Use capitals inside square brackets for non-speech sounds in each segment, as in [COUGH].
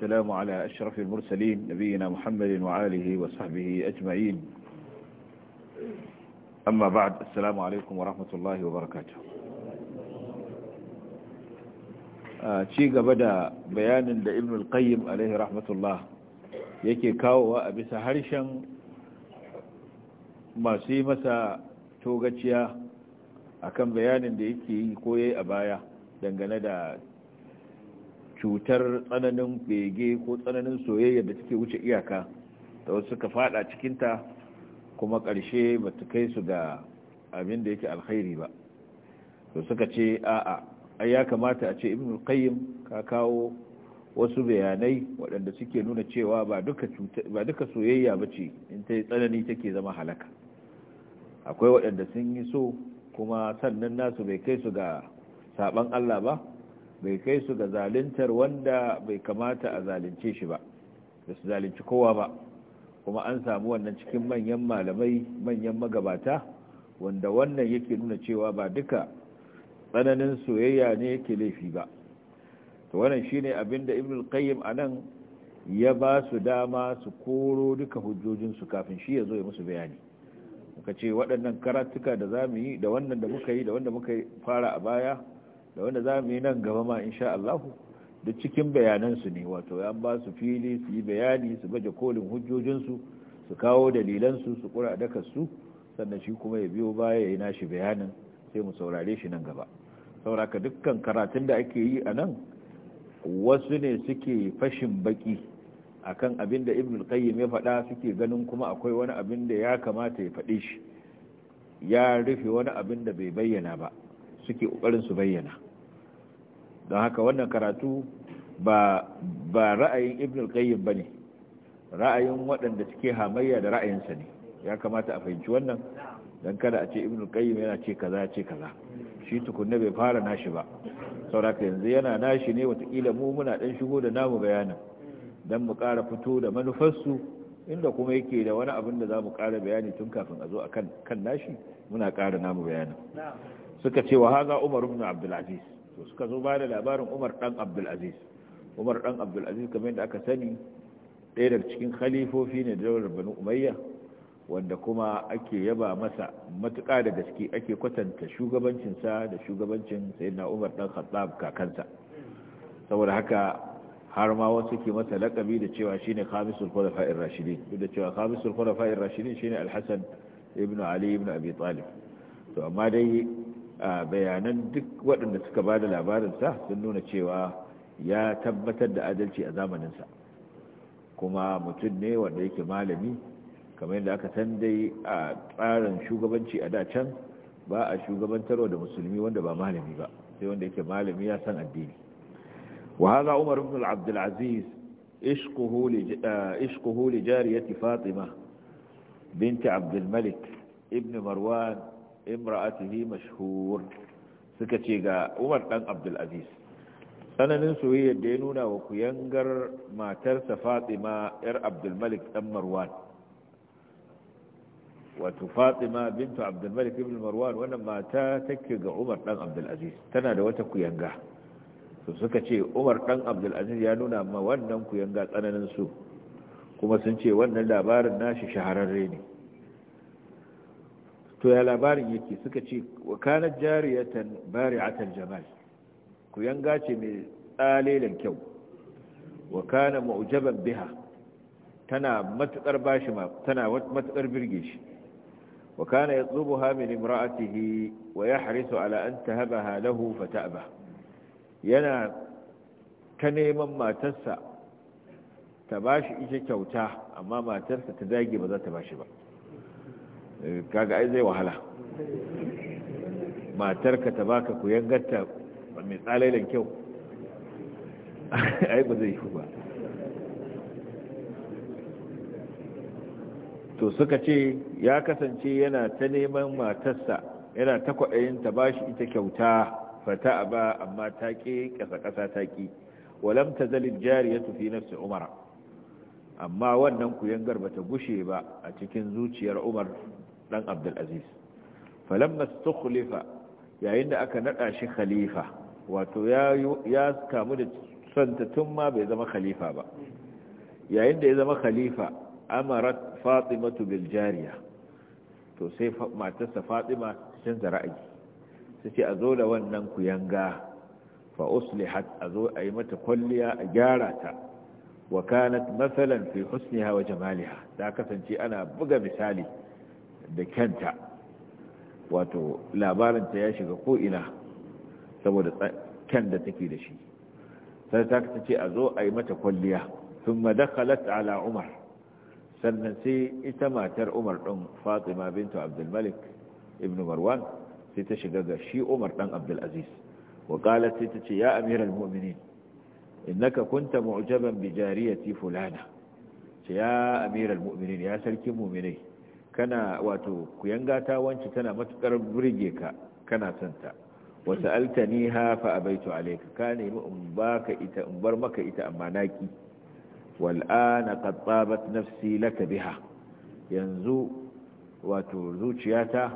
السلام على أشرف المرسلين نبينا محمد وآله وصحبه أجمعين أما بعد السلام عليكم ورحمة الله وبركاته شيء بدأ بيان لابن القيم عليه رحمة الله yake kawowa a bisa harshen masu yi masa togaciya akan bayanin da yake yi koye a baya dangane da cutar tsananin bege ko tsananin soyayya da take wuce iyaka da wasu suka fada cikinta kuma karshe ba ta kai su ga abin da yake alkhairi ba to suka ce a'a ai ya kamata a ce ibn qayyim ka kawo wasu bayanai waɗanda suke nuna cewa ba duka soyayya ba ce in ta tsanani take zama halaka akwai waɗanda sun yi so kuma sannan nasu bai kai su ga saban Allah ba bai kai su ga zaluntar wanda bai kamata a zalunce shi ba da su zalunci kowa ba kuma an samu wannan cikin manyan malamai manyan magabata wanda wannan yake nuna cewa ba duka tsananin soyayya ne yake laifi ba to wannan shine abinda ibn al-qayyim anan ya ba su dama su koro duka hujjojinsu kafin shi ya zo ya musu bayani kace waɗannan karatuka da zamu yi da wannan da muka yi da wanda muka fara a baya da wanda za mu yi nan gaba ma insha Allah duk cikin bayanansu ne wato an ba su fili su yi bayani su baje kolin hujjojinsu su kawo dalilansu su kura dakarsu sannan shi kuma ya biyo baya ya yi nashi bayanin sai mu saurare shi nan gaba sauraka dukkan karatun da ake yi a nan wasu ne suke fashin baki akan abin da ibn qayyim ya faɗa suke ganin kuma akwai wani abin da ya kamata ya faɗe shi ya rufe wani abin da bai bayyana ba suke ƙoƙarin su bayyana don haka wannan karatu ba ba ra'ayin ibn al-qayyim bane ra'ayin waɗanda suke hamayya da ra'ayin sa ne ya kamata a fahimci wannan dan kada a ce ibn al-qayyim yana ce kaza ce kaza shi tukunna bai fara nashi ba sauraka yanzu yana nashi ne watakila mu muna dan shigo da namu bayanin dan mu kara fito da manufarsu inda kuma yake da wani abin da zamu kara bayani tun kafin a zo a kan nashi muna kara namu bayanin suka ce wa haza umar ibn aziz. suka zo ba da labarin umar dan abdulaziz umar dan abdulaziz kamar yadda aka sani ɗaya daga cikin khalifofi ne da daular banu umayya wanda kuma ake yaba masa matuƙa da gaske ake kwatanta shugabancinsa da shugabancin na umar ɗan khattab kakansa saboda haka har ma wasu ke masa lakabi da cewa shine khamisul khulafa'ir rashidin duk da cewa khamisul khulafa'ir rashidin shine al-hasan ibn ali ibn abi talib to amma dai bayanan duk waɗanda suka ba da labarinsa sun nuna cewa ya tabbatar da adalci a zamaninsa kuma mutum ne wanda yake malami kamar yadda aka san dai a tsarin shugabanci a da can ba a shugabantarwa da musulmi wanda ba malami ba sai wanda yake malami ya san addini Wahala Umar بن عبد العزيز عشقه لج... Fatsima, Binta abdulmalik Ibn Marwan. imra'atihi mashhur suka ce ga Umar dan Abdul Aziz sananin soyayya da ya nuna wa kuyangar matarsa Fatima yar Abdul Malik dan Marwan wato Fatima bintu Abdul Malik ibn Marwan wannan mata take ga Umar dan Abdul Aziz tana da wata kuyanga su suka ce Umar dan Abdul Aziz ya nuna ma wannan kuyanga tsananin su kuma sun ce wannan labarin nashi shahararre ne to ya labarin yake suka ce wa kanar jariyatan bari'atar jamal ku yanga ce mai tsalelan kyau wa kana ma'ujaban biha tana matukar tana birge shi wa kana yatlubuha min imra'atihi wa yahrisu ala an tahabaha lahu ba yana ta neman matarsa ta bashi ita kyauta amma matarsa ta dage ba za ta shi ba kaga ai zai wahala matarka ta baka ku yangarta mai tsalailan kyau ai ba zai yi ba to suka ce ya kasance yana ta neman matarsa yana ta kwaɗayin ta ba shi ita kyauta fata a ba amma ta ƙi ƙasa-ƙasa ta ƙi walamta ta zalin jari ya tufi nafsi umara amma wannan kuyangar ba ta gushe ba a cikin zuciyar umar Ɗan abdulaziz falamma stukhlifa yayin da aka nada shi khalifa wato ya kamu da santa tun ma bai zama khalifa ba yayin da ya zama khalifa amarat Fatsimatu bil jariya to sai matarsa fatima canza ra'ayi sai a zo da wannan kuyanga fa uslihat a zo a yi mata kwalliya a gyara ta wa kanat masalan fi husniha wa jamaliha ta kasance ana buga misali da kyanta wato labarinta ya shiga ko'ina saboda kyan da take da shi sai ta ce a zo a yi mata kwalliya sun madakalat ala umar sannan sai ita matar umar ɗin fatima bintu abdulmalik ibn marwan sai ta shiga ga shi umar ɗan abdulaziz وقالت ستتي يا أمير المؤمنين إنك كنت معجبا بجاريتي فلانة ya أمير muminin ya sarki muminai. kana wato kuyanga ta wanci tana matukar burge ka kana santa wata altaniha fa abaitu alayka ka nemi in baka ita in bar maka ita amma naki wal ana qad tabat nafsi laka biha yanzu wato zuciyata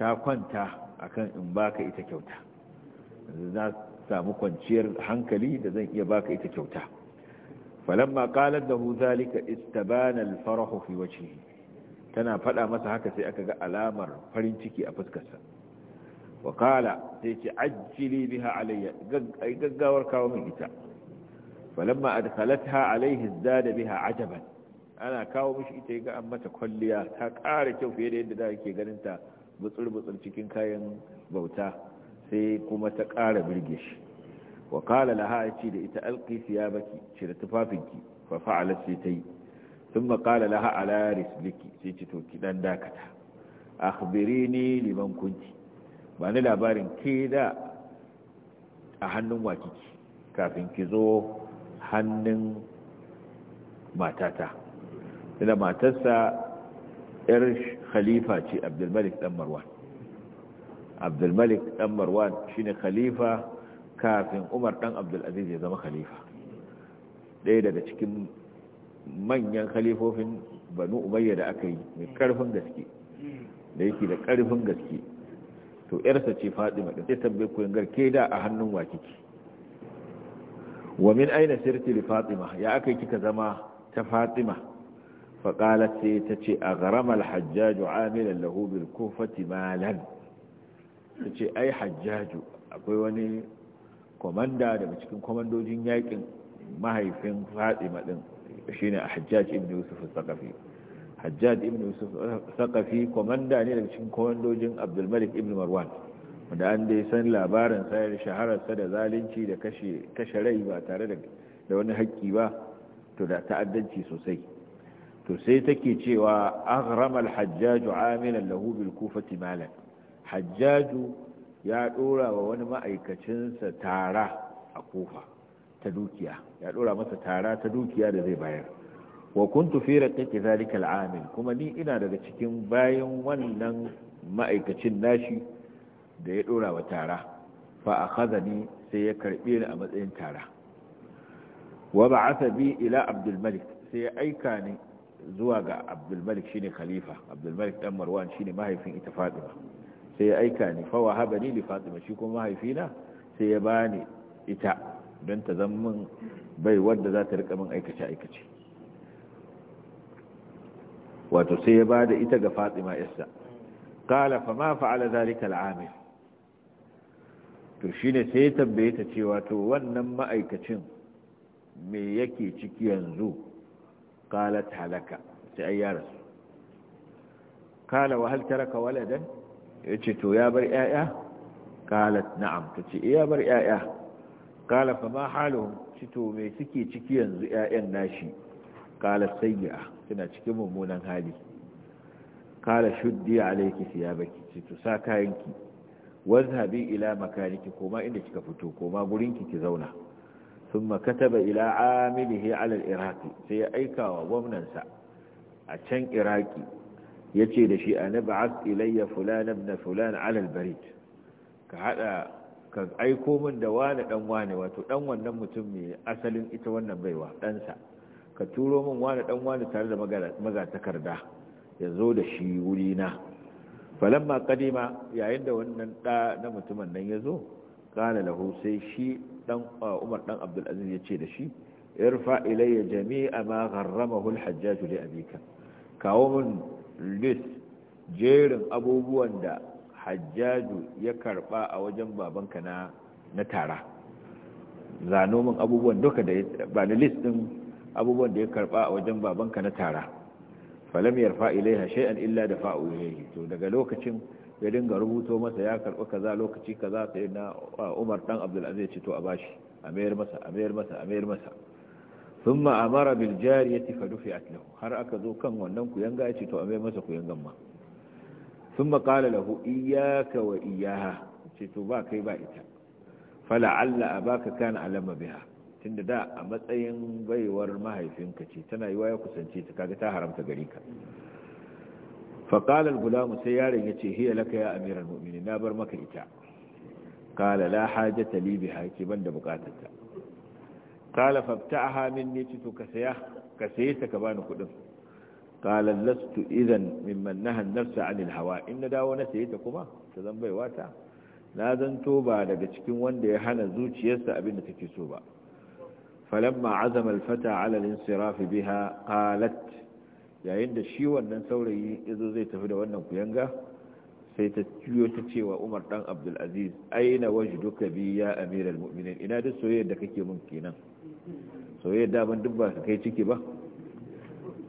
ta kwanta akan in baka ita kyauta yanzu za samu kwanciyar hankali da zan iya baka ita kyauta falamma qalat lahu zalika istabana al farahu fi wajhihi tana faɗa masa haka sai aka ga alamar farin ciki a fuskarsa wa kala sai ce ajjili biha alayya gaggawar kawo min ita falamma adkhalatha alayhi zada biha ajaban ana kawo mishi ita ga an mata kwalliya ta ƙara kyau fiye da yadda da yake ganin ta butsur butsur cikin kayan bauta sai kuma ta ƙara birge shi wa kala laha da ita alqi siyabaki cire tufafinki fa fa'alat sai ta sun makala laha ala risliki sai ce to ki dan dakata akhbirini liman kunti ba ni labarin ke da a hannun wakiki kafin ki zo hannun matata da matarsa yar khalifa ce abdulmalik dan marwan abdulmalik dan marwan shine khalifa kafin umar dan abdulaziz ya zama halifa ɗaya daga cikin manyan khalifofin banu ubayya da aka yi mai karfin gaske da yake da karfin gaske to yarsa ce fatima da sai tambaye ku yangar ke da a hannun wa kike wa min aina sirti li fatima ya aka yi kika zama ta fatima fa qalat sai ta ce a gharama al hajjaj amilan lahu bil kufati malan ta ce ai hajjaju akwai wani komanda daga cikin komandojin yakin mahaifin fatima din shine Hajjaj ibn Yusuf Hajjaj ibn Yusuf al komanda ne daga cikin komandojin Abdul ibn Marwan wanda an dai san labarin sayar shahararsa da zalunci da kashe rai ba tare da wani haƙƙi ba to da ta'addanci sosai to sai take cewa aghrama al-Hajjaj amilan lahu bil Kufati malan ya dora wa wani ma'aikacinsa tara a Kufa ta dukiya ya dora masa tara ta dukiya da zai bayar wa kuntu fi raqiqi zalika al'amil kuma ni ina daga cikin bayan wannan ma'aikacin nashi da ya dora wa tara fa akhadhani sai ya karbe ni a matsayin tara wa ba'atha bi ila abdul malik sai ya aika ni zuwa ga abdul malik shine khalifa abdul malik dan marwan shine mahaifin ita fatima sai ya aika ni fa wahabani li fatima shi kuma mahaifina sai ya bani ita don ta zama bai wadda za ta rika min aikace-aikace wato sai ya ba da ita ga fatima isa kala fa ma fa'ala zalika al'amil to shine sai ya tambaye ta ce wato wannan ma'aikacin me yake ciki yanzu kala talaka sai ai ya rasu kala wa hal taraka waladan yace to ya bar yaya kala na'am tace eh, ya bar yaya kala fa ma halin cito mai suke ciki yanzu 'ya'yan nashi kala sayya suna cikin mummunan hali kala shuddi alaiki su ya baki cito sa kayanki wanzu habi ila makaniki koma inda kika fito koma gurinki ki zauna sun makataba ila amilihi alal iraki sai ya aika wa gwamnansa a can iraki ya ce da shi a naba'as ilayya fulan ibn fulan alal barit ka haɗa. ka aiko min da wani dan wani wato dan wannan mutum mai asalin ita wannan baiwa ɗansa ka turo min wani dan wani tare da magatakarda ya zo da shi wuri na falamma kadima yayin da wannan da na mutumin nan ya zo kana lahu sai shi dan umar dan abdulaziz ya ce da shi irfa ilayya jami'a ma gharramahu alhajjaj li abika kawo min list jerin abubuwan da hajjaju ya karba a wajen babanka na na tara zano min abubuwan duka da ba da list din abubuwan da ya karba a wajen babanka na tara falam yarfa ilaiha shay'an illa dafa'u ilayhi to daga lokacin ya dinga rubuto masa ya karba kaza lokaci kaza sai na Umar dan Abdul Aziz ce to a bashi a mayar masa a mayar masa a mayar masa thumma amara bil jariyati fadufi atlahu har aka zo kan wannan ku yanga ya ce to a mayar masa ku ma sun maƙala lahu iyaka wa iyaha ce to ba kai ba ita fala'alla a baka kan alama biha tunda da a matsayin baiwar mahaifinka ce tana yi ya kusance ta kaga ta haramta gari ka Faƙalar gulamu sai yaron ya ce hiya laka ya amiran mu'mini na bar maka ita kala la hajata li biha ce ban da bukatarta kala fabta'aha minni ce to ka saya ka saye ta ka bani kuɗin qala lastu idan mimman naha nafsa anil hawa in na dawo na saye ta kuma ta zan baiwa na zanto ba daga cikin wanda ya hana zuciyarsa abin da take so ba falamma azama alfata ala al-insiraf biha qalat yayin da shi wannan saurayi yazo zai tafi da wannan kuyanga sai ta ciyo ta cewa Umar dan Abdul Aziz aina wajduka bi ya amiral mu'minin ina da soyayyar da kake mun kenan soyayyar da ban dubba kai ciki ba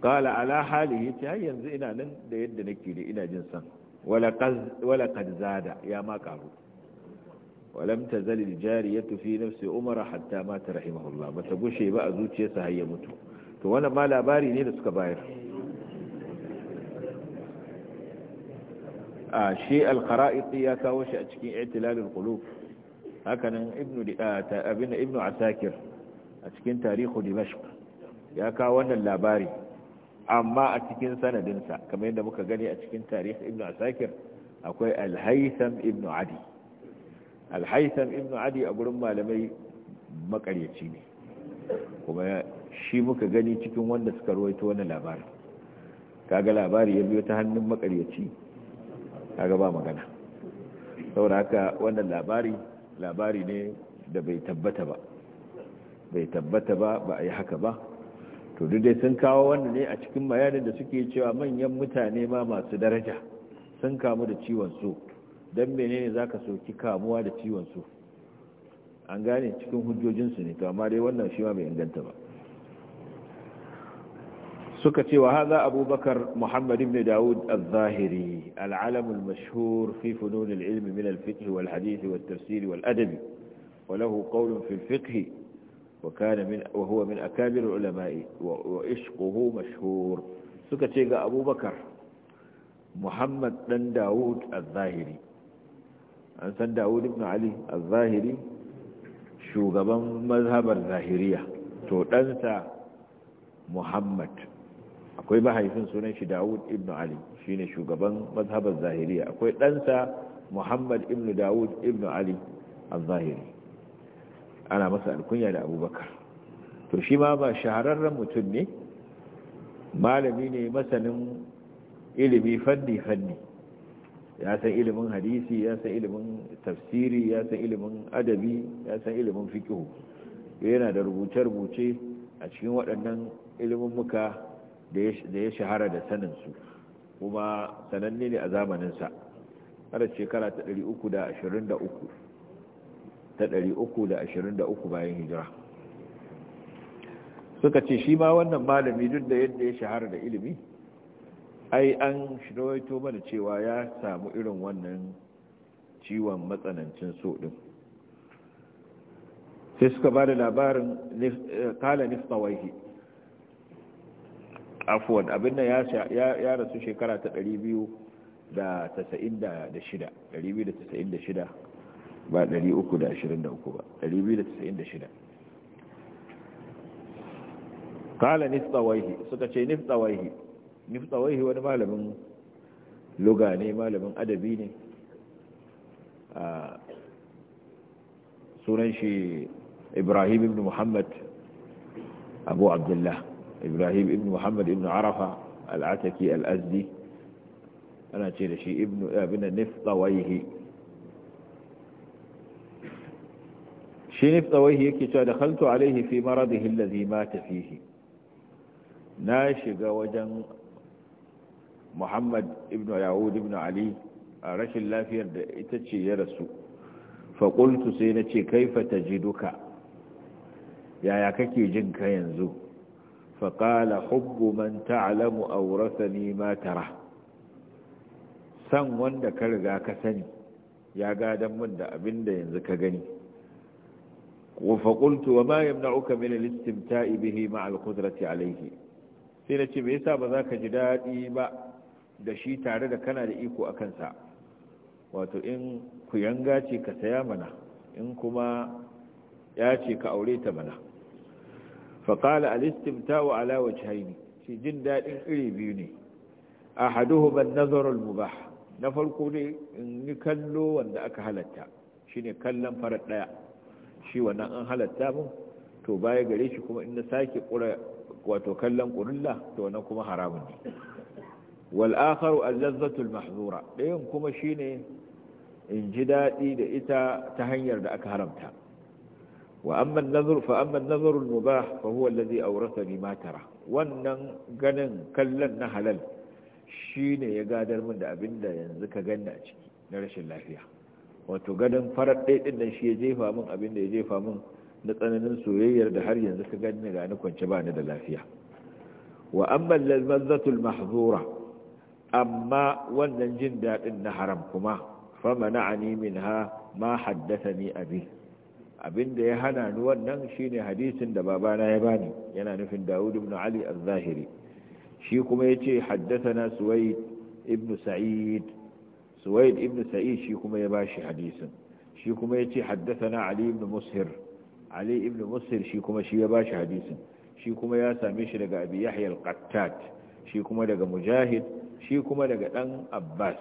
qala ala halihi ta yanzu ina nan da yadda nake da ina jin san wala qad zada ya ma karu walam tazal aljariyatu fi nafsi umara hatta mata rahimahullah bata gushe ba a zuciyarsa har ya mutu to wannan ma labari ne da suka bayar a shi alkhara'iti ya kawo shi a cikin i'tilalul qulub hakanan ibnu ibnu asakir a cikin tarihu dimashq ya kawo wannan labari amma a cikin sanadinsa kamar yadda muka gani a cikin tarihi ibn asakir akwai alhaitham ibn adi alhaitham ibn adi a gurin malamai makaryaci ne kuma shi muka gani cikin wanda suka ruwaito wannan labari kaga labari ya biyo ta hannun makaryaci kaga ba magana saboda haka wannan labari labari ne da bai tabbata ba bai tabbata ba ba a yi haka ba to duk dai sun kawo wannan ne a cikin bayanin da suke cewa manyan mutane ma masu daraja sun kamu da ciwon su dan menene za ka soki kamuwa da ciwon su an gane cikin hujjojinsu ne to amma dai wannan shi ma bai inganta ba suka ce wa haza abubakar muhammad ibn dawud al-zahiri al'alamu al-mashhur fi funun al-ilm min al-fiqh wal hadith wal tafsir wal adab wa lahu qawlun fi al-fiqh وكان من وهو من اكابر العلماء وعشقه مشهور سكتي ga Abu Bakar Muhammad dan Dawud al-Zahiri an san Dawud ibn Ali al-Zahiri shugaban mazhab al to dan sa akwai mahaifin sunan shi Dawud ibn Ali shine shugaban mazhabar al akwai dan sa Muhammad ibn Dawud ibn Ali al-Zahiri ana masa alkunya da abubakar to shi ma ba shahararren mutum ne malami ne masanin ilimi fanni-fanni ya san ilimin hadisi ya san ilimin tafsiri ya san ilimin adabi ya san ilimin fikihu yana da rubuce-rubuce a cikin waɗannan ilimin muka da ya shahara da saninsu kuma sananne ne a zamaninsa har shekara ta 323 ta 323 bayan hijira suka ce shi ma wannan malami duk da yadda ya shahara da ilimi ai an shirwaito mana cewa ya samu irin wannan ciwon matsanancin so din sai suka ba da labarin eh, kala niftawaihi afuwan abin nan ya rasu shekara ta da 296 ba 323 ba 296 kala niftsawaihi suka ce niftsawaihi niftsawaihi wani malamin luga ne malamin adabi ne a sunan shi ibrahim ibn muhammad abu abdullah ibrahim ibn muhammad ibn arafa al'ataki al'azdi ana ce da shi ibn abin niftsawaihi shi ne yake cewa da haltu alaihi fi maradihi allazi mata fihi na shiga wajen muhammad ibn yahud ibn ali a rashin lafiyar da ita ce ya rasu faƙultu sai na ce kaifa ta ji duka yaya kake jin ka yanzu faƙala hubbu man ta'alamu aurasani ma tara san wanda ka riga ka sani ya gadan min da abin da yanzu ka gani فقلت وما يمنعك من الاستمتاع به مع القدرة عليه سينتي ميسا بذاك جدادي da دشي تارد iko لإيكو أكنسا wato in ku yanga ce ka saya mana in kuma ya ce ka aure ta mana faƙala alistimtawa alawa cahini shi jin daɗin iri biyu ne a haduhu ban nazarar mubah na farko ne in yi kallo wanda aka halatta shine kallon farar ɗaya shi wannan an halatta min. to baya gare shi kuma in na sake kura wato kallon kurulla to wannan kuma haramun ne wal akharu al-lazzatu mahzura dayan kuma shine in ji dadi da ita ta hanyar da aka haramta wa amma an-nazru fa amma an-nazru al-mubah fa huwa alladhi ma tara wannan ganin kallon na halal shine ya gadar min da abinda yanzu ka ganna a ciki na rashin lafiya wato ganin farar ɗaiɗin nan shi ya jefa min abin da ya jefa min na tsananin soyayyar da har yanzu ka gani ga ni kwance ba ni da lafiya wa amma lalmazzatul mahzura amma wannan jin daɗin na haram kuma fa min minha ma haddathani abi abinda ya hana ni wannan shine hadisin da babana ya bani yana nufin Dawud ibn Ali al zahiri shi kuma yace na Suwaid ibn Sa'id suwaid ibn sa'id shi kuma ya bashi hadisin shi kuma yace haddathana ali ibn mushir ali ibn mushir shi kuma shi ya bashi hadisin shi kuma ya same shi daga abi yahya al-qattat shi kuma daga mujahid shi kuma daga dan abbas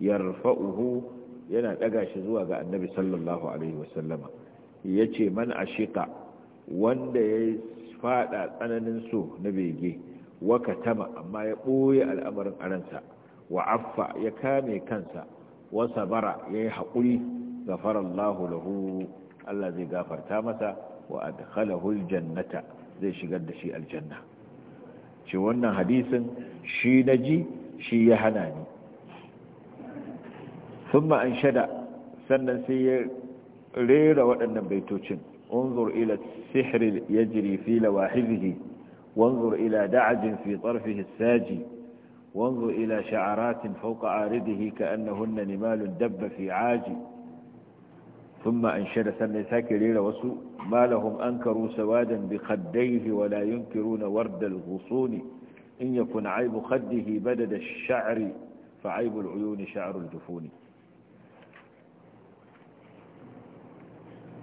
yarfa'uhu yana daga shi zuwa ga annabi sallallahu alaihi wasallama yace man ashiqa wanda ya fada tsananin so na bege wa katama amma ya boye al'amarin aransa wa affa ya kame kansa wa sabara yayi haƙuri ghafarallahu lahu Allah zai gafarta masa wa adkhalahu aljannata zai shigar da shi aljanna ce wannan hadisin shi ji shi ya hana ni thumma shada sannan sai ya rera waɗannan baitocin انظر إلى ya يجري في لواحذه وانظر ila دعج في طرفه الساجي وانظر إلى شعرات فوق عارضه كأنهن نمال دب في عاج ثم أنشد سنة ساكرين وسوء ما لهم أنكروا سوادا بخديه ولا ينكرون ورد الغصون إن يكن عيب خده بدد الشعر فعيب العيون شعر الجفون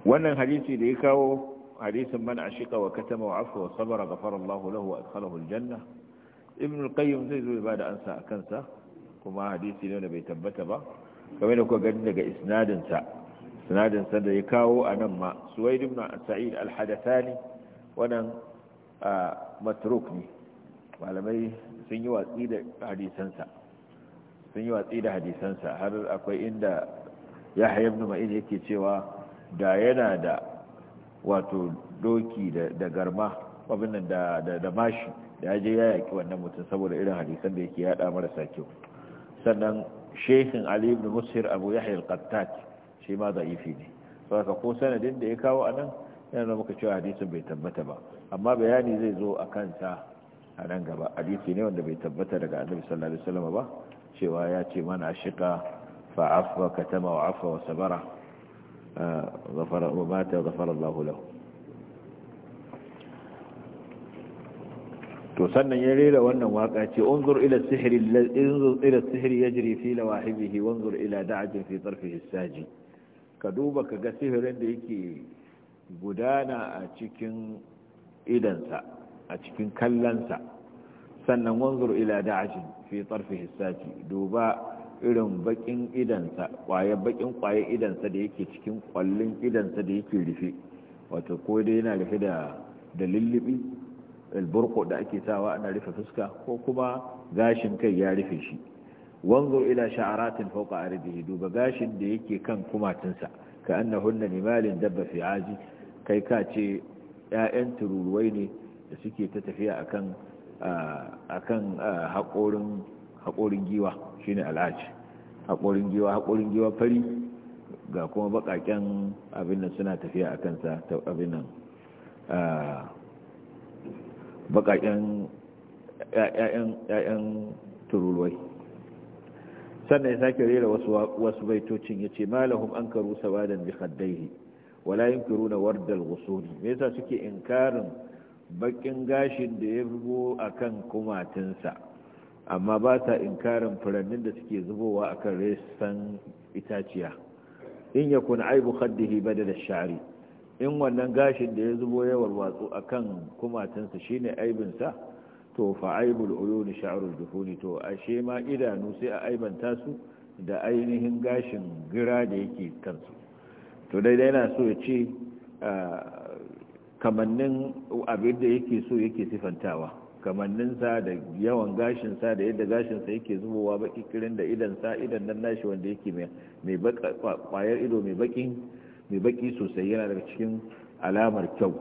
wannan الحديث da ya kawo hadisin man ashika wa katama wa afu wa sabara ghafara ibn al-qayyim zai zo ya bada ansa a kansa kuma hadisi ne bai tabbata ba kamar da kuka gani daga isnadin sa isnadin sa da ya kawo anan ma suwaid ibn sa'id al-hadathani wannan matruk ne malamai sun yi watsi da hadisansa sun yi watsi da hadisansa har akwai inda yahya ibn ma'in yake cewa da yana da wato doki da garma abin da da mashi ya je ya yaki wannan mutum saboda irin hadisan da yake yada marasa kyau sannan shehin ali ibn musir abu ya hayar qattat shi ma za'ifi ne saboda ko sanadin da ya kawo a nan yana da muka cewa hadisin bai tabbata ba amma bayani zai zo a kansa a nan gaba hadisi ne wanda bai tabbata daga annabi sallallahu alaihi wasallam ba cewa ya ce mana shika fa afwa katama wa afwa wa sabara ghafara wa mata ghafara Allahu lahu to sannan ya rera wannan waka ce unzur ila sihri unzur ila sihri yajri fi lawahibihi wanzur ila da'atin fi tarfihi saji ka duba ka ga sihirin da yake gudana a cikin idansa a cikin kallansa sannan wanzur ila da'atin fi tarfihi saji duba irin bakin idansa kwaye bakin kwaye idansa da yake cikin kwallin idansa da yake rufe wato ko dai yana rufe da da lullubi alburko da ake sawa ana rufe fuska ko kuma gashin kai ya rufe shi wanzur ila sha'aratin fawqa aridihi duba gashin da yake kan kumatinsa ka hunna nimalin dabba fi aji kai ka ce ƴaƴan tururuwai ne da suke ta tafiya akan akan haƙorin haƙorin giwa shine al'aji haƙorin giwa haƙorin giwa fari ga kuma baƙaƙen abin nan suna tafiya akan sa abin nan bakaken ‘ya'yan tururuwai. sannan ya sake rera wasu baitocin ya ce malahum an karu sabadan bi haddaihi wala yin kiru na wardal wasoni me yasa suke inkarin bakin gashin da ya rubo a kan kumatinsa amma ba ta inkarin furannin da suke zubowa a kan resan itaciya in ya kuna aibu haddihi bada da shari'a in wannan gashin da ya zubo watsu a kan kumatinsa shine aibinsa to fa aibul uyuni sha'rul duhuni to ashe ma idanu sai a aibanta su da ainihin gashin gira da yake kansu to daidai yana so ya ce kamannin abin da yake so yake sifantawa kamanninsa da yawan gashinsa da yadda gashinsa yake zubowa baki kirin da idansa idan nan nashi wanda yake mai bakin mai baki sosai yana daga cikin alamar kyau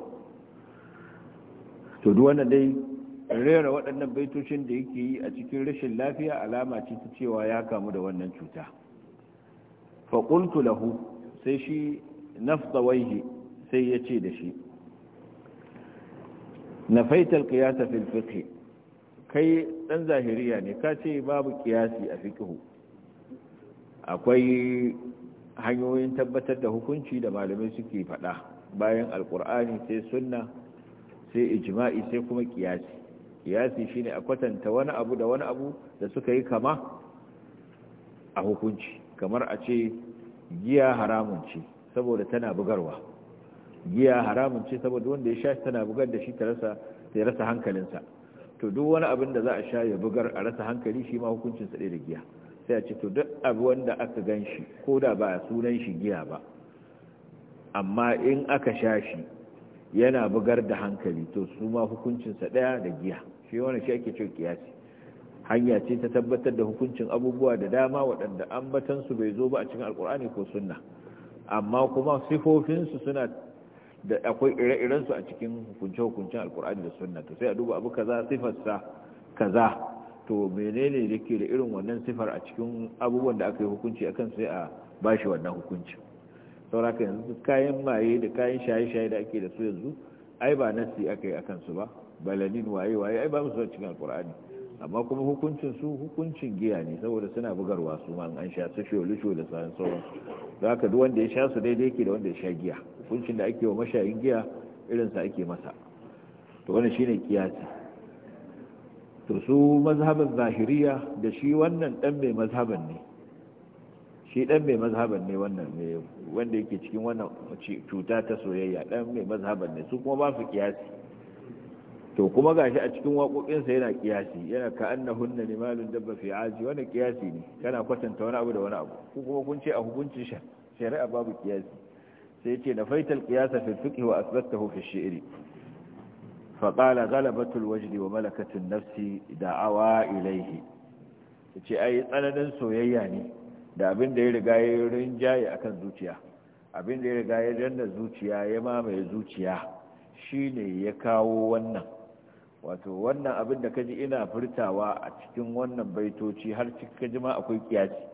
to duk wannan dai rera waɗannan baitocin da yake yi a cikin rashin lafiya alama ce ta cewa ya kamu da wannan cuta fa qultu lahu sai shi nafsa waihi sai ya ce da shi nafaita alqiyasa fil fiqh kai dan zahiriya ne ka ce babu qiyasi a fiqh akwai hanyoyin tabbatar da hukunci da malamai suke fada bayan alkur'ani sai sunna sai ijma'i sai kuma kiyasi kiyasi shine a kwatanta wani abu da wani abu da suka yi kama a hukunci kamar a ce giya haramun ce saboda tana bugarwa giya haramun ce saboda wanda ya sha tana bugar da shi ta rasa hankalinsa to duk wani abin da za a sha ya bugar a rasa hankali shi ma hukuncinsa ɗaya da giya sai a ce to duk abu wanda aka gan shi ko da ba sunan shi giya ba amma in aka sha shi yana bugar da hankali to su ma hukuncinsa daya da giya shi wani shi ake cin kiyasi hanya ce ta tabbatar da hukuncin abubuwa da dama waɗanda ambatansu bai zo ba a cikin alkur'ani ko sunna amma kuma sifofinsu suna da akwai ire-irensu a cikin hukunce-hukuncen alkur'ani da sunna to sai a duba abu kaza sifarsa kaza to menene da ke da irin wannan sifar a cikin abubuwan da aka yi hukunci akan sai a bashi wannan hukunci sauraka yanzu kayan maye da kayan shaye-shaye da ake da su yanzu ai ba nasi aka yi akan su ba balanin waye-waye ai ba musu cikin alkur'ani amma kuma hukuncin su hukuncin giya ne saboda suna bugarwa su ma an sha su da sauran sauran da haka duk wanda ya sha su daidai yake da wanda ya sha giya hukuncin da ake wa mashayin giya irinsa ake masa to wannan shine kiyasi to su mazhaban zahiriya da shi wannan dan mai mazhaban ne shi dan mai mazhaban ne wannan wanda yake cikin wannan cuta ta soyayya dan mai mazhaban ne su kuma ba su kiyasi to kuma gashi a cikin waƙoƙinsa yana kiyasi yana ka annahunna limalun dabba fi aji wani kiyasi ne kana kwatanta wani abu da wani abu ko kuma kun ce a hukuncin shari'a babu kiyasi sai ce na faital qiyasa fi fiqh wa asbathahu fi shi'ri faƙala galabatul wajdi wa malakatun nafsi da'awa ilaihi ta ce ai tsananin soyayya ne da abin da ya riga ya rinjaye a kan zuciya abin da ya riga ya danna zuciya ya mamaye zuciya shi ne ya kawo wannan wato wannan abin da kaji ina furtawa a cikin wannan baitoci har cikin jima akwai kiyasi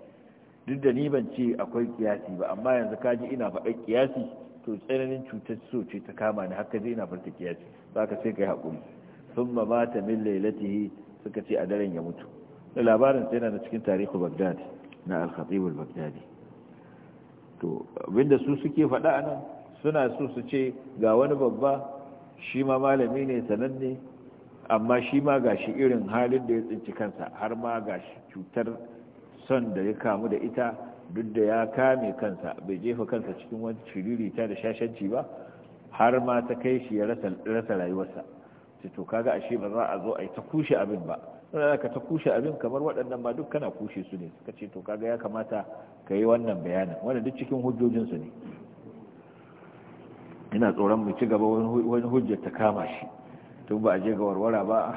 duk da ni ban ce akwai kiyasi ba amma yanzu kaji ina faɗa kiyasi to tsananin cutar so ce ta kama ni har kaji ina furta kiyasi saka sai kai hakuri thumma mata min lailatihi suka ce a daren ya mutu da labarin sai yana cikin tarihu bagdad na al-khatib al-baghdadi to abinda su suke faɗa anan suna so su ce ga wani babba shi ma malami ne sananne amma shi ma gashi irin halin da ya tsinci kansa har ma gashi cutar son da ya kamu da ita duk da ya kame kansa bai jefa kansa cikin wani shiririta da shashanci ba har ma ta kai shi ya rasa rayuwarsa ce to kaga ashe ba za a zo a yi ta kushe abin ba sai ka ta kushe abin kamar waɗannan ba duk kana kushe su ne suka ce to kaga ya kamata ka yi wannan bayanin wanda duk cikin hujjojinsu ne ina tsoron mu ci gaba wani hujjar ta kama shi tun ba a je ga warwara ba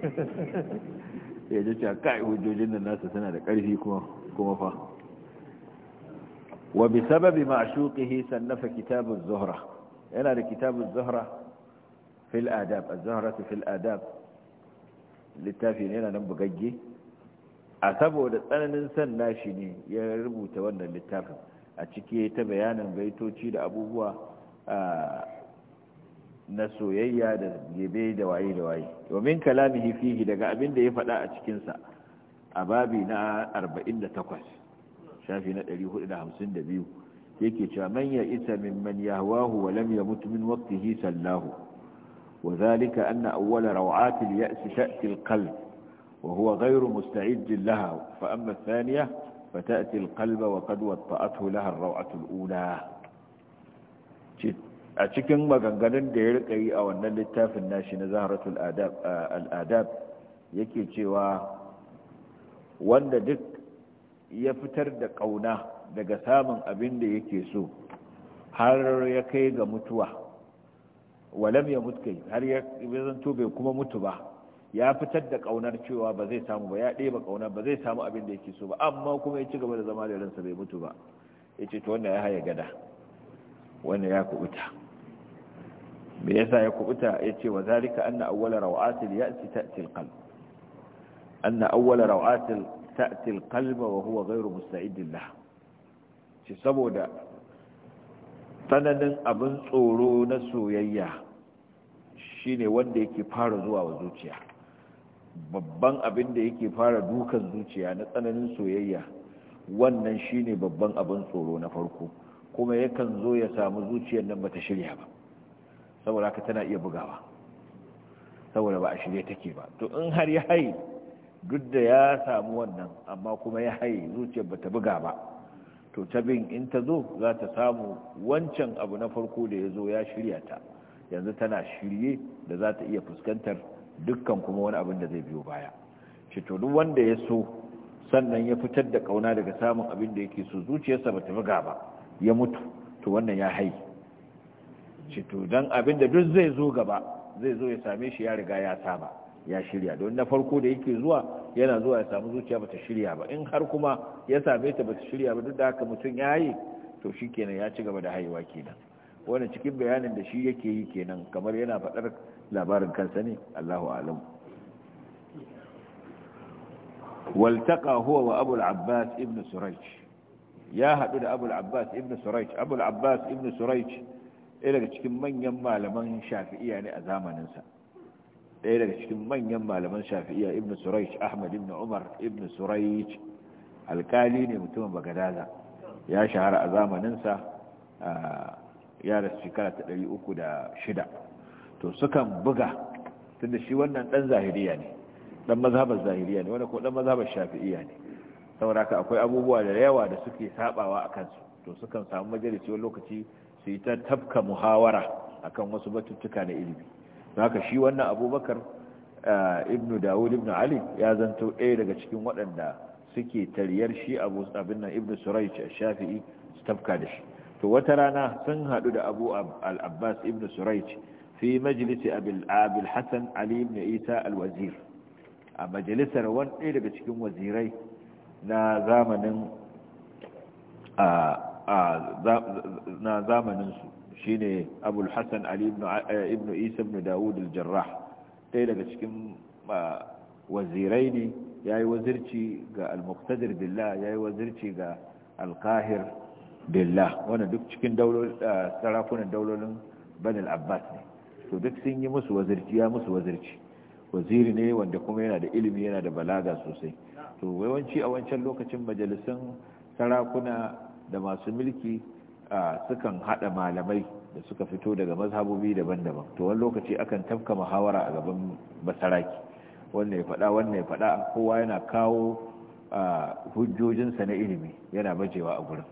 [LAUGHS] ya ji cewa kai hujjojin nan nasa suna da ƙarfi kuma fa wa bi sababi ma'shuqihi sannafa kitabuz zuhra yana da kitabun zahra fil adab az fil adab littafi ne yana nan bugagge a saboda tsananin san nashi ne ya rubuta wannan littafin a ciki ta bayanin baitoci da abubuwa na soyayya da gebe da waye da waye domin kalamihi fihi daga abin da ya faɗa a cikinsa a babi na 48 shafi na 452 يكي من يئس ممن يهواه ولم يمت من وقته سلاه وذلك أن أول روعات اليأس تأتي القلب وهو غير مستعد لها فأما الثانية فتأتي القلب وقد وطأته لها الروعة الأولى أتكن مغنغنن دير كي أو أن اللتاف الناشن زهرة الآداب, الآداب يكي تشيوا وان دك يفتر daga samun abin da yake so har ya kai ga mutuwa walam ya mutkai har ya zanto bai kuma mutu ba ya fitar da kaunar cewa ba zai samu ba ya ɗeba kauna ba zai samu abin da yake so ba amma kuma ya ci gaba da zama da ransa bai mutu ba ya ce to wanda ya haya gada wanda ya kubuta me yasa ya kubuta ya ce wa zalika anna awwala rawatil ya'ti ta'til qalb anna awwala rawatil ta'til qalba wa huwa ghayru musta'id lahu ce saboda tsananin abin tsoro na soyayya shine wanda yake fara zuwa wa zuciya babban abin da yake fara dukan zuciya na tsananin soyayya wannan shine babban abin tsoro na farko kuma yakan zo ya samu zuciyar nan bata shirya ba saboda haka tana iya bugawa saboda ba a shirya take ba to in har ya haye duk da ya samu wannan amma kuma ya haye zuciyar bata buga ba to ta bin in ta zo za ta samu wancan abu na farko da ya zo ya shirya ta yanzu tana shirye da za ta iya fuskantar dukkan kuma wani abin da zai biyo baya shi to duk wanda ya so sannan ya fitar da kauna daga samun abin da yake so zuciyarsa ba ta buga ba ya mutu to wannan ya hai shi to dan abin da duk zai zo gaba zai zo ya same shi ya riga ya saba ya shirya don na farko da yake zuwa yana zuwa ya samu zuciya bata shirya ba in har kuma ya same ta bata shirya ba duk da haka mutum ya yi to shi kenan ya ci gaba da haihuwa kenan wannan cikin bayanin da shi yake yi kenan kamar yana faɗar labarin kansa ne Allahu a'lam waltaqa huwa wa abul abbas ibn Surayj ya haɗu da abul abbas ibn Surayj abul abbas ibn Surayj ɗaya daga cikin manyan malaman Shafi'iyya ne a zamaninsa sa ɗaya daga cikin manyan malaman shafi'iya ibn suraic ahmad ibn umar ibn suraic alkali ne mutumin bagadaza ya shahara a zamaninsa a rasu shekara ta ɗari uku da shida to sukan buga tunda shi wannan ɗan zahiriya ne ɗan mazhabar zahiriya ne wanda ko ɗan mazhabar shafi'iya ne saboda haka akwai abubuwa da yawa da suke sabawa a kansu to sukan samu majalisi wani lokaci su yi ta tafka muhawara akan wasu batuttuka na ilimi haka shi wannan abubakar eh, ibn dawud ibn ali ya zanto ɗaya daga cikin waɗanda suke taryar shi abu abin nan ibnu a shafi'i su tafka da shi to wata rana sun haɗu da abu al-abbas ibnu surayc fi majlisi abil hasan ali ibn isa al a majalisar wani ɗaya daga cikin wazirai na zamanin na zamaninsu shine abul hasan ali eh, ibn isa ibn dawud al-jarrah ɗaya daga cikin wazirai ne ya yi wazirci ga al-muqtadir billah ya yi wazirci ga al-qahir billah wannan duk cikin eh, sarakunan daulolin banil abbas ne to duk sun yi musu wazirci ya musu wazirci waziri ne wanda kuma yana da ilimi yana da balaga sosai to yawanci a wancan lokacin majalisun sarakuna da masu mulki sukan haɗa malamai da suka fito daga mazhabobi daban-daban to wani lokaci akan tafka muhawara a gaban basaraki wannan ya faɗa wannan ya faɗa kowa yana kawo hujjojinsa na ilimi yana bajewa a gurin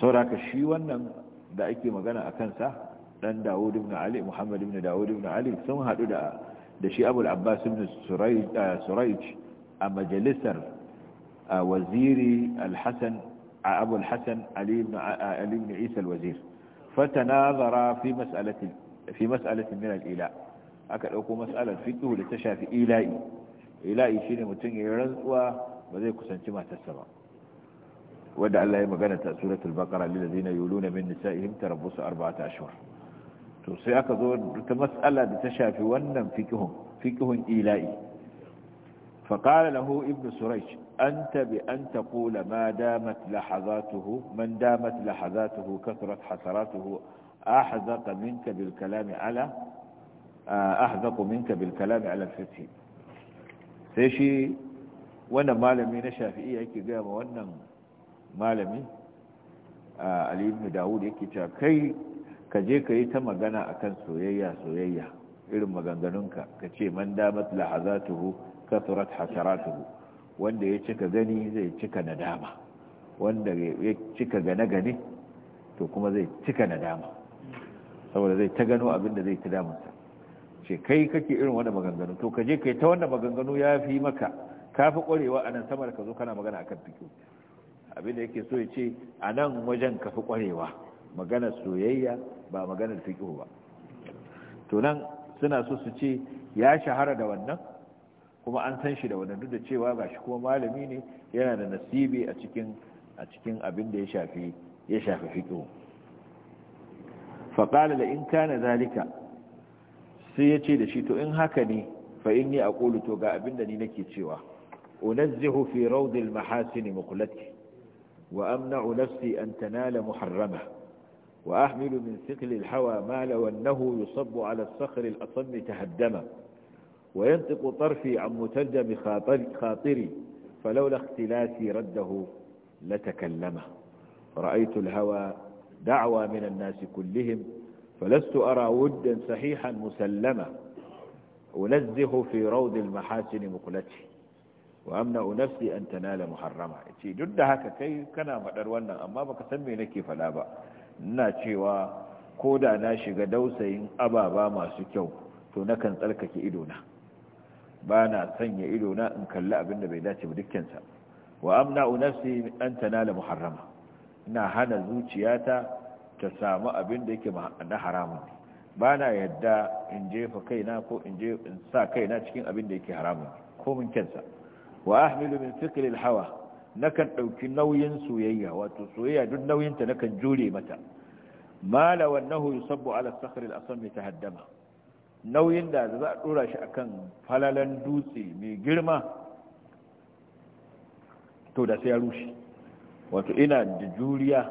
sauraka shi wannan da ake magana a kansa dan dawud ibn ali muhammad ibn dawud ibn ali sun haɗu da da shi abul abbas ibn suraij a majalisar waziri alhassan أبو الحسن علي بن, علي بن عيسى الوزير فتناظرا في مسألة, في aka ɗauko matsalar fiƙihu da ta shafi ila'i ila'i shine mutum ya rantsuwa ba zai kusanci matarsa ba wanda Allah ya magana ta suratul baqara lil ladina yuluna min nisa'ihim tarabbusu arba'ata ashhur to sai aka zo ta mas'alar da ta shafi wannan fiqhun ila'i fa qala lahu ibn surayj أنت بأن تقول ما دامت لحظاته من دامت لحظاته كثرت حسراته أحذق منك بالكلام على آه، أحذق منك بالكلام على الفتح سيشي وانا مالمي نشافئي ايكي قام وانا مالمي آه، علي بن داود ايكي كي كجي كي تمغانا أكن سويا سويا إلو مغانغانونك كتشي من دامت لحظاته كثرت حسراته wanda ya cika gani zai cika nadama wanda ya cika gane-gane to kuma zai cika nadama saboda zai ta gano abin zai ta damunsa ce kai kake irin wanda maganganu to ka kai ta wanda maganganu ya fi maka ka fi ƙwarewa a nan samar ka zo kana magana akan fiki abin da yake so ya ce a nan wajen ka fi ƙwarewa maganar soyayya ba maganar fiki ba to nan suna so su ce ya shahara da wannan kuma an san shi da wadanda da cewa shi kuma malami ne yana da nasibi a cikin a cikin abin da ya shafi ya shafi fiqh fa qala la in kana zalika sai yace da shi to in haka ne fa inni aqulu to ga abin da ni nake cewa unazzihu fi rawdil mahasin muqlati wa amna'u nafsi an tanala muharrama wa ahmilu min thiqli al hawa ma la wa annahu yusabbu ala يصب على al الأصم tahaddama وينطق طرفي عن مترجم خاطري فلولا اختلاسي رده لتكلمه رأيت الهوى دعوى من الناس كلهم فلست أرى ودا صحيحا مسلما أنزه في روض المحاسن مقلتي وأمنأ نفسي أن تنال محرمة جد هكا كي كنا مقدر وانا أما بك سمي لك فلا با ناتي وكودا ناشي قدوسين أبا باما ما سكو تنكن تلكك إدونا ba na sanya ido na in kalli abin da bai dace ba dukkansa wa amna'u nafsi an tanala muharrama ina hana zuciyata ta samu abin da yake na haramun ba na yadda in jefa kaina ko in sa kaina cikin abin da yake haramun ko min kansa wa ahmilu min fiqri hawa nakan ɗauki nauyin soyayya wato soyayya duk nauyinta na nakan jure mata mala wannahu yusabbu ala sakhri al ta haddama. nauyin da za a dora shi akan falalan dutse mai girma to da sai ya rushe wato ina da juriya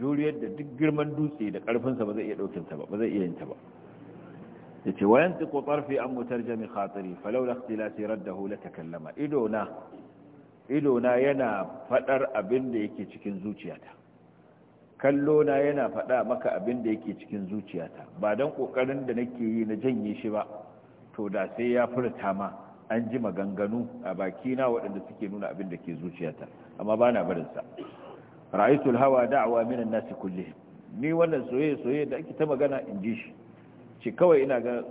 juriyar da duk girman dutse da karfinsa ba zai iya daukinsa ba ba zai iya yinta ba ya ce wayan tiko tsarfi an mutar jami khatari falaula ikhtilati da hula ta kallama idona yana faɗar abin da yake cikin zuciyata kallo na yana faɗa maka abin da yake cikin zuciyata ba don ƙoƙarin da nake yi na janye shi ba to da sai ya furta ma an ji maganganu a bakina waɗanda suke nuna abin da ke zuciyata amma ba na barinsa ra'aitul hawa da'awa minan nasi kulle ni wannan soyayya soyayya da ake ta magana in ji shi ce kawai ina ga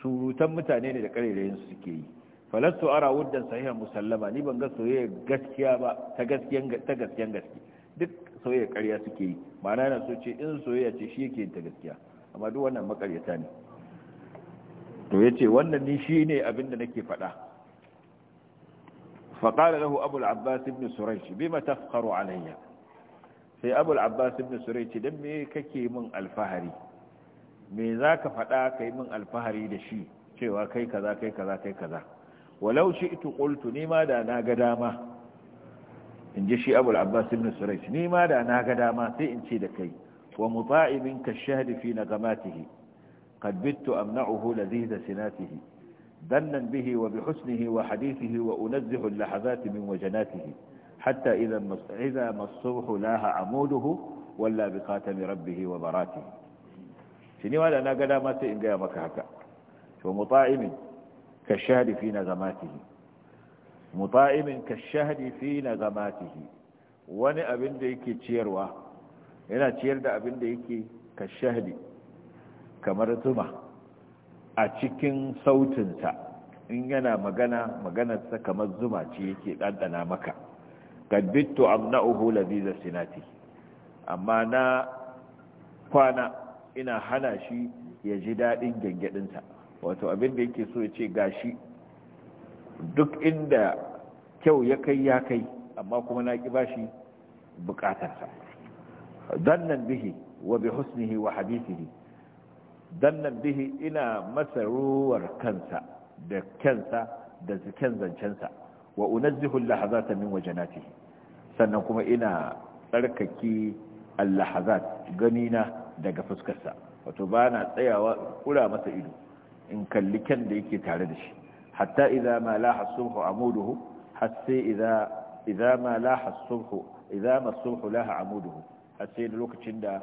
surutan mutane ne da ƙarerayen suke yi falastu ara wuddan sahiha musallama ni ban ga soyayya gaskiya ba ta gaskiyan ta gaske duk soyayya ƙarya suke yi mana yana so ce in soyayya ce shi yake yin ta gaskiya amma duk wannan makaryata ne to ya ce wannan ni shi ne abin da nake faɗa faƙaɗa lahu abu al'abbas ibn suraici bi ma tafkaru alayya sai abu abbas ibn ce don me kake min alfahari me za ka faɗa ka yi min alfahari da shi cewa kai kaza kai kaza kai kaza walau shi ita ƙultu ma da na ga dama in ji shi abul abbas ibn surais ni ma da na ga dama sai in ce da kai wa muta'imin ka shahdi fi nagamatihi qad bittu amna'uhu ladhiza sinatihi ظنا به وبحسنه وحديثه وأنزه اللحظات من وجناته حتى إذا إذا ما الصبح لاها عموده ولا بخاتم ربه وبراته شنو هذا أنا قدامات إن جاء مكهكا ومطائم كالشهد في نغماته muta'imin ka shahadi fi na gamatihi wani abin da yake ciyarwa yana ciyar da abin da yake ka kamar zuma a cikin sautinsa in yana magana maganarsa kamar zuma ce yake ɗanɗana maka gadbittu uhu laziza sinati amma na kwana ina hana shi ya ji daɗin gyangyaɗinsa wato abin da yake so ya ce gashi duk inda kyau ya kai ya kai amma kuma na ƙi bashi bukatarsa Zannan bihi wa bi husnihi wa hadithihi Zannan bihi ina masa ruwar kansa da kyansa da ziken zancensa wa unazzihu lahazata min wajanatihi sannan kuma ina tsarkake allahazat ganina daga fuskarsa wato ba na tsayawa kura masa ido in kalli kyan da yake tare da shi hatta idza ma laha as-subhu amuduhu hatta idza laha as-subhu idza lokacin da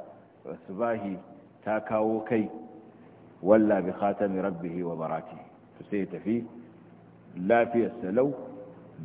subahi ta kawo kai walla bi khatami rabbih wa baratihi to sai tafi lafiyar salau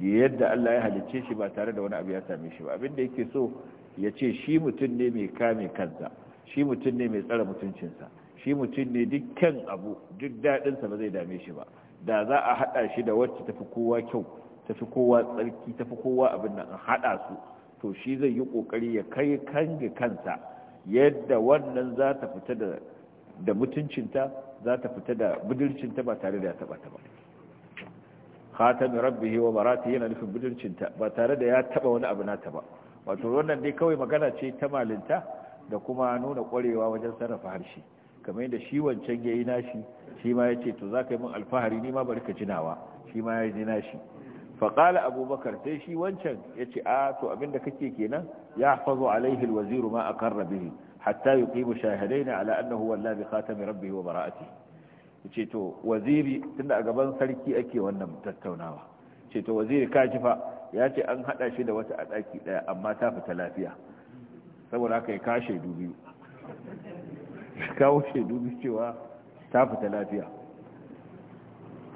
da yadda Allah ya halicce shi ba tare da wani abu ya same shi ba abinda yake so ya ce shi mutum ne mai kame kansa shi mutum ne mai tsara mutuncinsa shi mutum ne dukkan abu duk daɗinsa ba zai dame shi ba da za a hada shi da wacce tafi kowa kyau tafi kowa tsarki tafi kowa abin nan hada su to shi zai yi kokari ya kai kange kansa yadda wannan za ta fita da da mutuncinta za ta fita da budurcinta ba tare da ya taba ta ba khatam rabbihi wa barati yana nufin budurcinta ba tare da ya taba wani abu nata ba wato wannan dai kawai magana ce ta malinta da kuma nuna kwarewa wajen sarrafa harshe kamar yadda shi wancan ya yi nashi shi ma ya ce to za ka yi min alfahari ni ma bari ka jinawa shi ma ya yi nashi faƙala abubakar sai shi wancan ya ce a to abinda kake kenan ya fazo alaihi alwaziru ma a kan rabihi hatta yi ƙi mushahadai na ala annahu wallah bi khatami rabbi wa bara'ati ya ce to waziri tunda a gaban sarki ake wannan tattaunawa ce to waziri ka ji fa ya ce an haɗa shi da wata a ɗaki ɗaya amma ta fita lafiya saboda haka ya kashe dubi. kawo shaidu duk cewa ta fita lafiya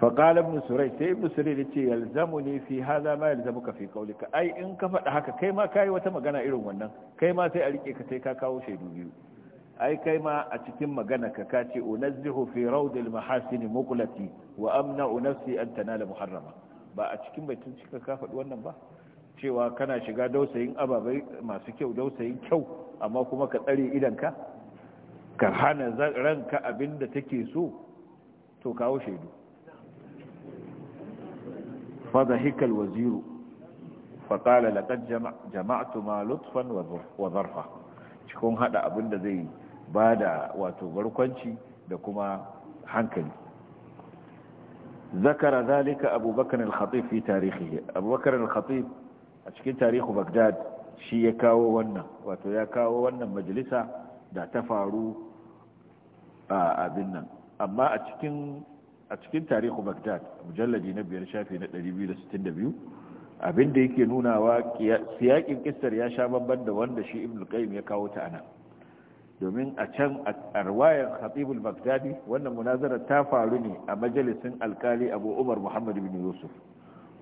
faƙalar musurai sai musurai da ce yalzamu ne fi haza ma yalzamu ka fi ka ai in ka faɗa haka kai ma kayi wata magana irin wannan kai ma sai a riƙe ka sai ka kawo shaidu biyu ai kai ma a cikin magana ka ka ce unazzihu fi raudil mahasini muqlati wa amna nafsi an tanala muharrama ba a cikin baitin cika ka faɗi wannan ba cewa kana shiga dausayin ababai masu kyau dausayin kyau amma kuma ka tsare ka. ka hana ranka abin da take so to kawo shaidu فضحك الوزير فقال لقد jama'atu ma lutfan wa zarfa cikin haɗa abin da zai bada wato barkwanci da kuma hankali zakara zalika abubakar al-khatib fi tarihi abubakar al-khatib a cikin tarihi bagdad shi ya kawo wannan wato ya kawo wannan majalisa da ta faru a abin nan amma a cikin a cikin tarihu bagdad mujallaji na biyar shafi na 262 abinda yake nunawa siyakin kistar ya sha babban da wanda shi ibn qayyim ya kawo ta ana domin a can a ruwayar khatibul bagdadi wannan munazarar ta faru ne a majalisin alkali abu umar muhammad bin yusuf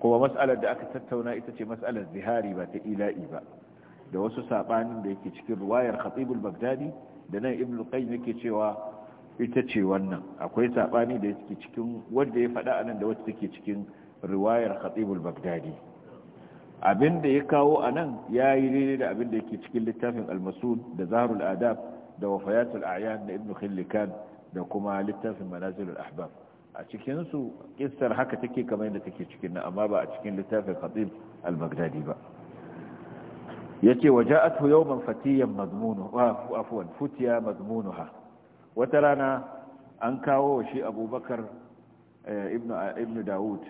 kuma mas'alar da aka tattauna ita ce mas'alar zihari ba ta ila'i ba da wasu sabanin da yake cikin ruwayar khatibul bagdadi da nan ibn qayyim yake cewa ita ce wannan akwai sabani da yake cikin wanda ya faɗa anan da wacce take cikin riwayar khatibul bagdadi abinda ya kawo anan yayi daidai da abinda da yake cikin littafin al-masud da zahrul adab da wafayatul a'yan da ibn khillikan da kuma littafin manazilul ahbab a cikinsu su kissar haka take kamar yadda take cikin amma ba a cikin littafin khatib al ba yace waja'athu yawman fatiyan madmunu afwan futiya madmunuha wata rana an kawo shi abubakar ibnu ibnu daud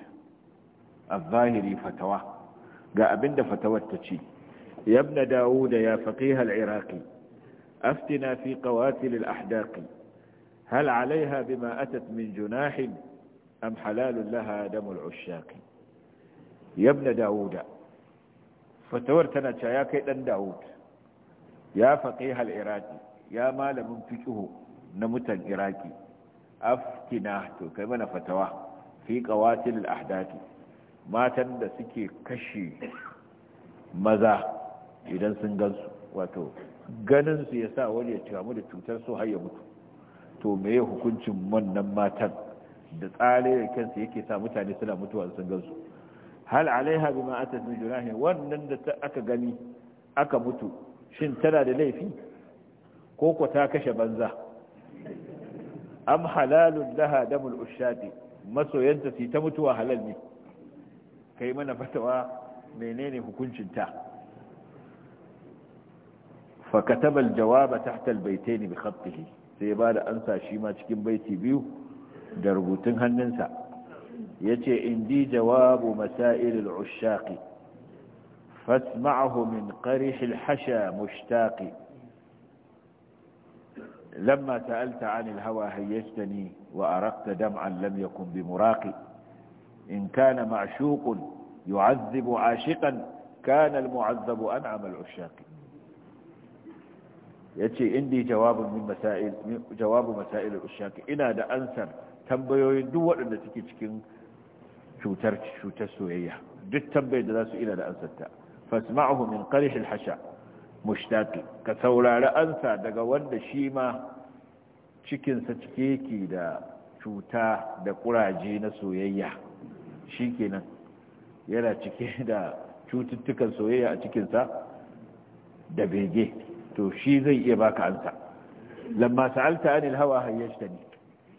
al-zahiri fatawa ga abinda fatawar ta ce ya ibnu daud ya faqih al-iraqi aftina fi qawatil al-ahdaq هل عليها بما أتت من جناح أم حلال لها دم العشاق يا ابن داود fatawar tana cewa ya kai dan Dawud ya faqih al-iraqi ya malamin fiqhu na mutan iraqi afkina to kai mana fatawa fi qawatil al-ahdathi matan da suke kashe maza idan sun gansu wato ganin su yasa wani ya kamu da cutar so har ya mutu to me ya hukuncin wannan matan da tsare da kansu yake sa mutane suna mutuwa sun gansu hal alaiha bima atat min junahi wannan da aka gani aka mutu shin tana da laifi ko ko ta kashe banza am halalun laha damul ushati masoyanta su ta mutuwa halal ne kai mana fatawa menene hukuncinta fa kataba aljawaba tahta albaytayn bi khatihi sai ba da ansa shi ma cikin baiti biyu da rubutun hannunsa يتي عندي جواب مسائل العشاق فاسمعه من قريح الحشا مشتاقي لما سألت عن الهوى هيجتني وأرقت دمعا لم يكن بمراقي إن كان معشوق يعذب عاشقا كان المعذب أنعم العشاق يتي عندي جواب من مسائل جواب مسائل العشاق إنا دا tambayoyin duk waɗanda suke cikin cutar cutar soyayya duk tambayar da za su ina da ansarta fasma'ahu min qarish al-hasha mushtaqi ka saurari ansa daga wanda shi ma cikin sa cike yake da cuta da kuraje na soyayya shikenan yana cike da cututtukan soyayya a cikin sa da bege to shi zai iya baka ansa lamma sa'alta anil hawa hayyajtani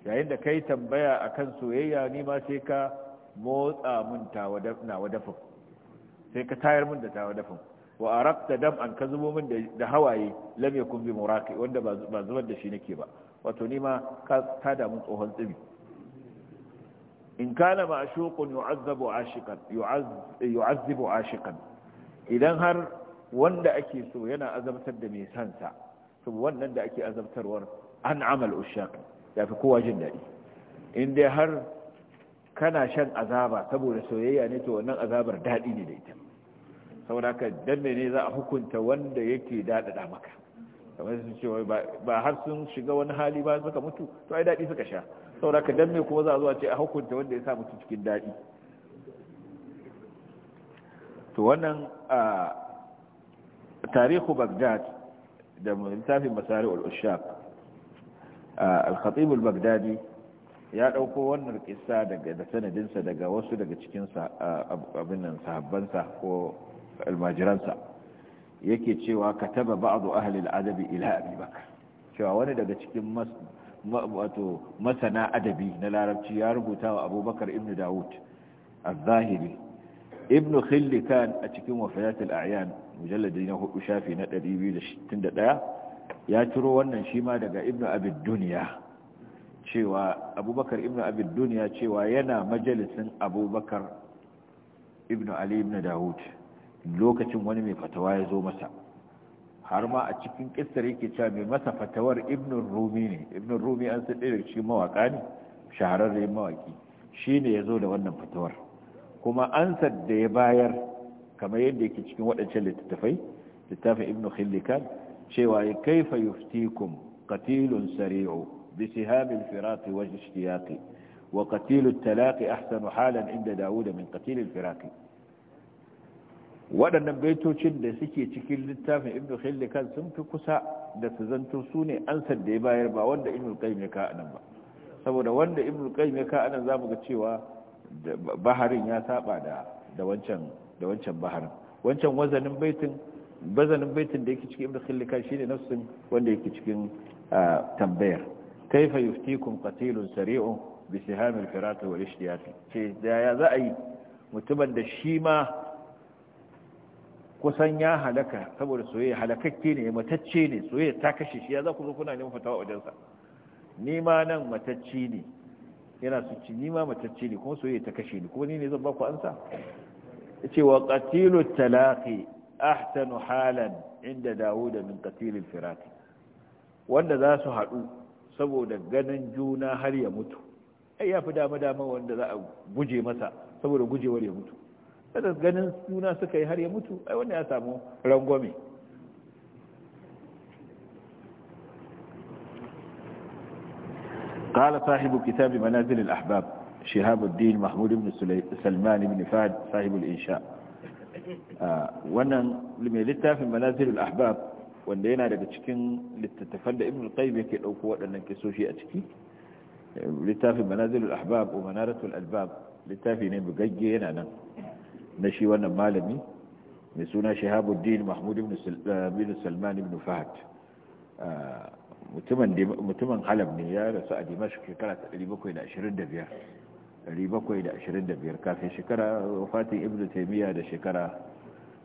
yayin da kai tambaya a kan soyayya ni ma sai ka motsa mun na wadafin sai ka tayar mun da ta wadafin wa arabta dam an ka zubo min da hawaye lam kun bi muraki wanda ba zubar da shi nake ba wato ni ma ka tada mun tsohon tsibi in kana a yu'azzabu 'ashiqan yu'azzibu ashikan idan har wanda ake so yana azabtar da mai sansa to wannan da ake azabtarwar an amal ushaqi ya fi kowa jin daɗi in dai har kana shan azaba saboda soyayya ne to wannan azabar daɗi ne da ita saboda haka dan ne za a hukunta wanda yake daɗaɗa maka kamar sun ce ba har sun shiga wani hali ba suka mutu to ai daɗi suka sha saboda haka dan kuma za a zuwa ce a hukunta wanda ya sa mutu cikin daɗi to wannan a tarihu bagdad da littafin masari al-ushaq al-khatib al ya ɗauko wannan kissa daga da sanadinsa daga wasu daga cikin abin nan sahabbansa ko almajiransa yake cewa kataba ba'du ahli al-adab ila abi bakr cewa wani daga cikin wato masana adabi na larabci ya rubuta wa abubakar ibn dawud al-zahiri ibn khillikan a cikin wafayat al-a'yan mujalladi na hudu shafi na 261 ya ciro wannan shi ma daga ibnu abid duniya cewa abubakar ibnu abid duniya cewa yana majalisin abubakar ibnu ali ibnu dawud lokacin wani mai fatawa ya zo masa har ma a cikin kistar yake cewa mai masa fatawar ibnu rumi ne ibnu rumi an sai ɗaya cikin mawaka ne shahararren mawaki shi ne ya zo da wannan fatawar kuma ansar da ya bayar kamar yadda yake cikin waɗancan littattafai littafin ibnu khillikan cewa ya kaifa yuftikum Katilun sari'u bi sihabil firaqi wa shiyaki wa Katilun talaki ahsanu halan inda daud min qatilil firaqi waɗannan baitocin da suke cikin littafin ibnu khillikan sun fi kusa da su zanto su ne ansar da ya bayar ba wanda ibnu qayyim ya ka anan ba saboda wanda ibnu qayyim ya ka anan zamu ga cewa baharin ya saba da da wancan da wancan baharin wancan wazanin baitin bazanin baitin da yake cikin ibn khillika shine nafsin wanda yake cikin tambayar kaifa yuftikum qatilun sari'u bi sihami al-firat wal ishtiyaq ce da ya za a yi mutumin da shi ma kusan ya halaka saboda soyayya halakakke ne matacce ne soyayya ta kashe shi ya za ku zo kuna neman fatawa sa. ni ma nan matacce ne yana su ci ni ma matacce ne kuma soyayya ta kashe ni kuma ni ne zan ba ku ansa yace wa qatilut talaqi أحسن حالا عند داود من قتيل الفرات وأن ذا سهلوا سبود قنن جونا هل يموتوا أي يا أفدا مداما وأن ذا بجي مسا سبود جونا هل يموتوا هذا قنن جونا سكي هل يموتوا أي وأن أسامو رنقومي قال صاحب كتاب منازل الأحباب شهاب الدين محمود بن سلمان بن فهد صاحب الإنشاء wannan mai littafin manazirul ahbab wanda yana daga cikin littattafan da ibn qayyim yake dauko waɗannan kisoshi a ciki littafin manazilul ahbab wa manaratul albab littafi ne bugagge yana nan na shi wannan malami mai suna shahabuddin mahmud ibn eh, salman ibn fahad ah, mutumin halab ne ya rasu a dimashi shekara 725 725 kafin shekara wafatin ibn taymiya da shekara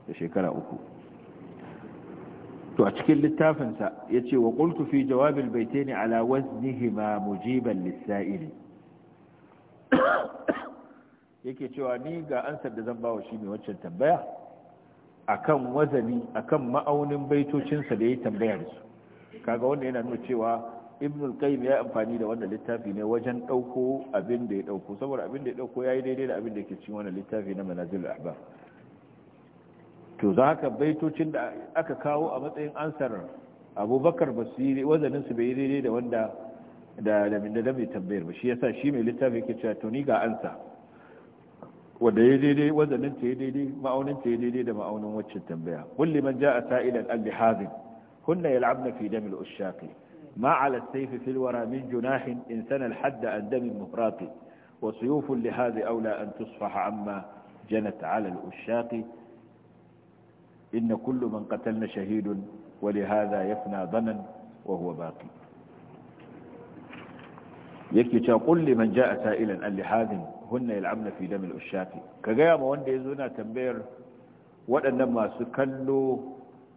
da shekara uku to a cikin littafinsa ya ce wa ƙultu fi jawabin baite ne ala waznihima mujiban lissa'ili yake cewa ni ga ansar da zan bawa shi mai waccan tambaya akan wazani akan ma'aunin baitocinsa da ya tambaya da su kaga wanda yana nuna cewa ibnul qayyim ya amfani da wannan littafi ne wajen dauko abin da ya dauko saboda abin da ya dauko yayi daidai da abin da yake cikin wannan littafi na manazil ahbab to za ka baitocin da aka kawo a matsayin ansar abubakar ba su yi wazanin su bai daidai da wanda da da min da mai tambayar ba shi yasa shi mai littafi yake cewa to ni ga ansa wanda ya daidai wazanin ta ya daidai ma'aunin ta ya daidai da ma'aunin waccan tambaya kulli man ja'a sa'ilan an bi hadin kunna yal'abna fi damil ushaqi ما على السيف في الورى من جناح إن سن الحد عن دم مفراط وسيوف لهذه أولى أن تصفح عما جنت على الأشاق إن كل من قتلنا شهيد ولهذا يفنى ظنا وهو باقي يكي تقول لمن جاء سائلا أن لهذا هن يلعبن في دم الأشاق كقيام وندي زنا تنبير ولأنما سكلوا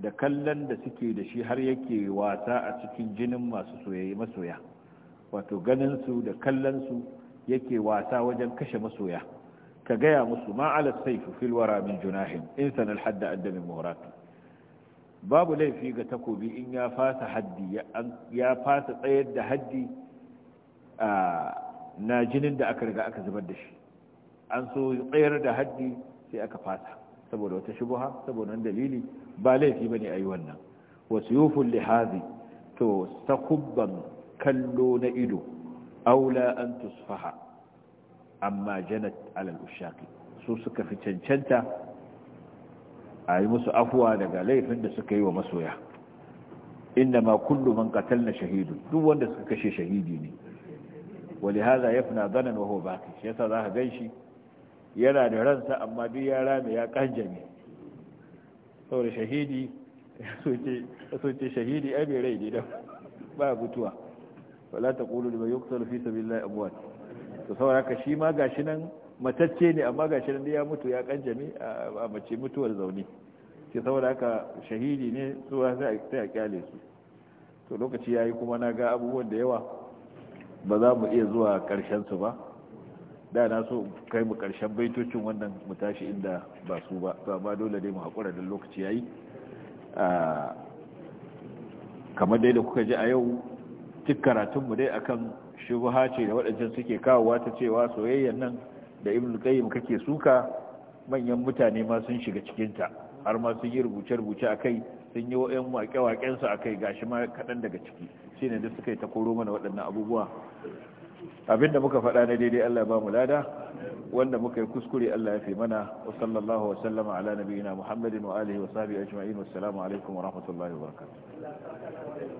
da kallon da suke da shi har yake wasa a cikin jinin masu soyayya masoya wato ganin su da kallon su yake wasa wajen kashe masoya ka gaya musu ma ala saifu filwara wara min junahin in sanal hadda addamin murat babu laifi ga takobi in ya fasa haddi ya fasa tsayar da haddi na jinin da aka riga aka zubar da shi an so tsayar da haddi sai aka fasa saboda wata shubuha saboda wani dalili ba laifi ne a yi wannan wasiyuful lihazi to sakubban kallo na ido aula an tusfaha amma janat alal ushaki. su suka fi cancanta a yi musu afuwa daga laifin da suka yi wa masoya inda ma an man na shahidu duk wanda suka kashe shahidi ne ولهذا يفنى ظنا وهو باقي shi yasa gan ganshi yana da ransa amma duk ya rame ya kanjame saboda shahidi soke shahidi ai bai rai ne don, ba mutuwa wala ta kulu liman yuqtalu fi sabilillahi amwat to saboda ka shi ma gashi nan matacce ne amma gashi nan ya mutu ya kanjame a mace mutuwar zaune sai saboda haka shahidi ne zuwa sai a kyale su to lokaci yayi kuma na ga abubuwan da yawa ba za mu iya zuwa karshen su ba da na so kai mu karshen baitocin wannan mu tashi inda ba su ba to amma dole dai mu hakura da lokaci yayi kamar dai da kuka ji a yau tuk karatun mu dai akan shubha ce da waɗancan suke kawowa ta cewa soyayyan nan da ibnu qayyim kake suka manyan mutane ma sun shiga cikin ta har ma sun yi rubuce-rubuce akai sun yi wa'yan waƙe-waƙensu akai gashi ma kaɗan daga ciki shine da suka yi ta koro mana waɗannan abubuwa Abin da muka faɗa na daidai Allah ba mu lada wanda muka yi kuskure Allah ya fi mana wa sallallahu wa sallama ala nabiyina Muhammadin wa alihi wa sahbihi ajma'in wassalamu alaikum wa rahmatullahi wa barakatuh